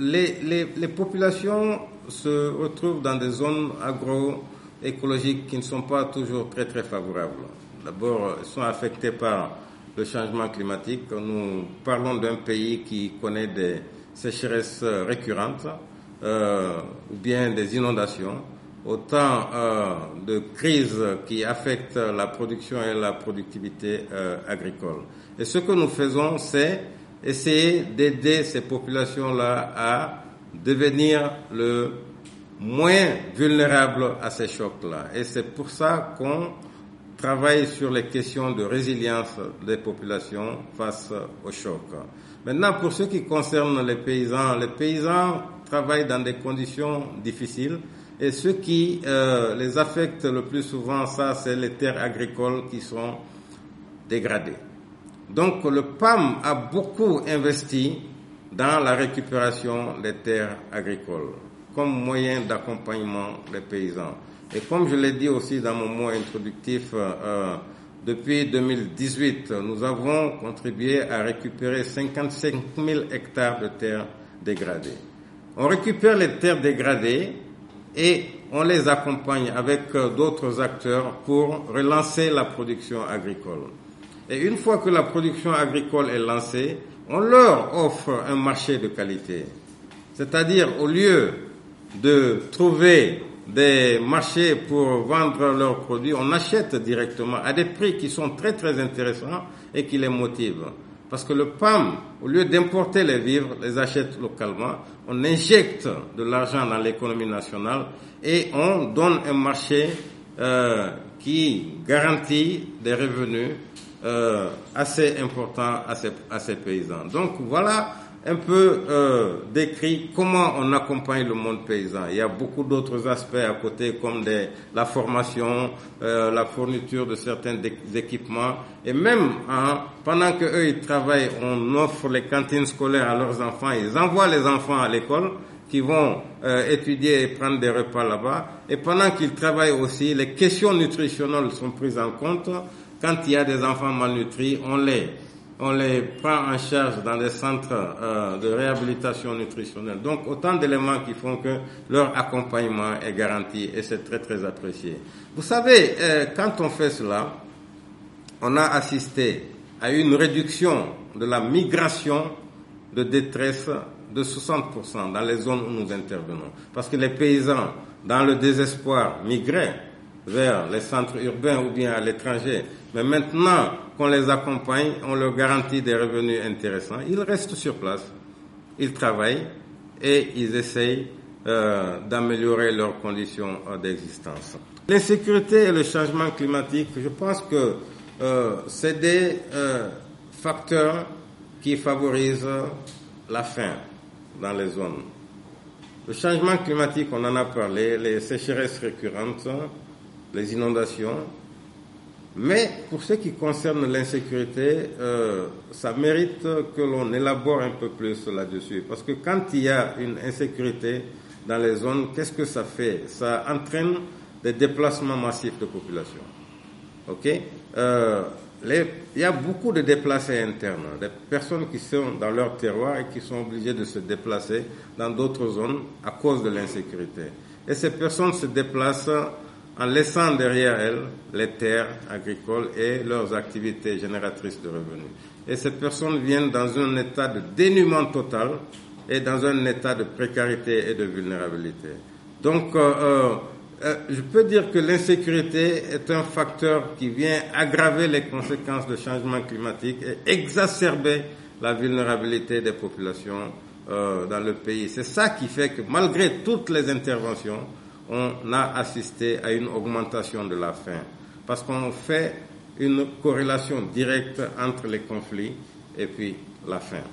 les, les, les, populations se retrouvent dans des zones agroécologiques qui ne sont pas toujours très très favorables. D'abord, elles sont affectées par le changement climatique. Nous parlons d'un pays qui connaît des sécheresses récurrentes euh, ou bien des inondations, autant euh, de crises qui affectent la production et la productivité euh, agricole. Et ce que nous faisons, c'est essayer d'aider ces populations-là à devenir le moins vulnérable à ces chocs-là. Et c'est pour ça qu'on travaille sur les questions de résilience des populations face aux chocs. Maintenant, pour ce qui concerne les paysans, les paysans travaillent dans des conditions difficiles. Et ce qui euh, les affecte le plus souvent, ça, c'est les terres agricoles qui sont dégradées. Donc le PAM a beaucoup investi dans la récupération des terres agricoles comme moyen d'accompagnement des paysans. Et comme je l'ai dit aussi dans mon mot introductif, euh, depuis 2018, nous avons contribué à récupérer 55 000 hectares de terres dégradées. On récupère les terres dégradées et on les accompagne avec euh, d'autres acteurs pour relancer la production agricole. Et une fois que la production agricole est lancée, on leur offre un marché de qualité. C'est-à-dire, au lieu de trouver des marchés pour vendre leurs produits, on achète directement à des prix qui sont très très intéressants et qui les motivent. Parce que le PAM, au lieu d'importer les vivres, les achète localement, on injecte de l'argent dans l'économie nationale et on donne un marché euh, qui garantit des revenus euh, assez important à ces, à ces, paysans. Donc voilà un peu euh, décrit comment on accompagne le monde paysan. Il y a beaucoup d'autres aspects à côté comme des, la formation, euh, la fourniture de certains équipements et même hein, pendant que eux ils travaillent, on offre les cantines scolaires à leurs enfants, ils envoient les enfants à l'école qui vont euh, étudier et prendre des repas là-bas. Et pendant qu'ils travaillent aussi, les questions nutritionnelles sont prises en compte. Quand il y a des enfants malnutris, on les, on les prend en charge dans des centres euh, de réhabilitation nutritionnelle. Donc autant d'éléments qui font que leur accompagnement est garanti et c'est très très apprécié. Vous savez, euh, quand on fait cela, on a assisté à une réduction de la migration de détresse de 60% dans les zones où nous intervenons. Parce que les paysans, dans le désespoir, migraient vers les centres urbains ou bien à l'étranger. Mais maintenant qu'on les accompagne, on leur garantit des revenus intéressants, ils restent sur place, ils travaillent et ils essayent euh, d'améliorer leurs conditions d'existence. L'insécurité et le changement climatique, je pense que euh, c'est des euh, facteurs qui favorisent la faim dans les zones. Le changement climatique, on en a parlé, les sécheresses récurrentes, les inondations, mais pour ce qui concerne l'insécurité, euh, ça mérite que l'on élabore un peu plus là-dessus. Parce que quand il y a une insécurité dans les zones, qu'est-ce que ça fait Ça entraîne des déplacements massifs de population. OK euh, il y a beaucoup de déplacés internes, des personnes qui sont dans leur terroir et qui sont obligées de se déplacer dans d'autres zones à cause de l'insécurité. Et ces personnes se déplacent en laissant derrière elle les terres agricoles et leurs activités génératrices de revenus. Et ces personnes viennent dans un état de dénuement total et dans un état de précarité et de vulnérabilité. Donc, euh, euh, euh, je peux dire que l'insécurité est un facteur qui vient aggraver les conséquences du changement climatique et exacerber la vulnérabilité des populations dans le pays. C'est ça qui fait que malgré toutes les interventions, on a assisté à une augmentation de la faim, parce qu'on fait une corrélation directe entre les conflits et puis la faim.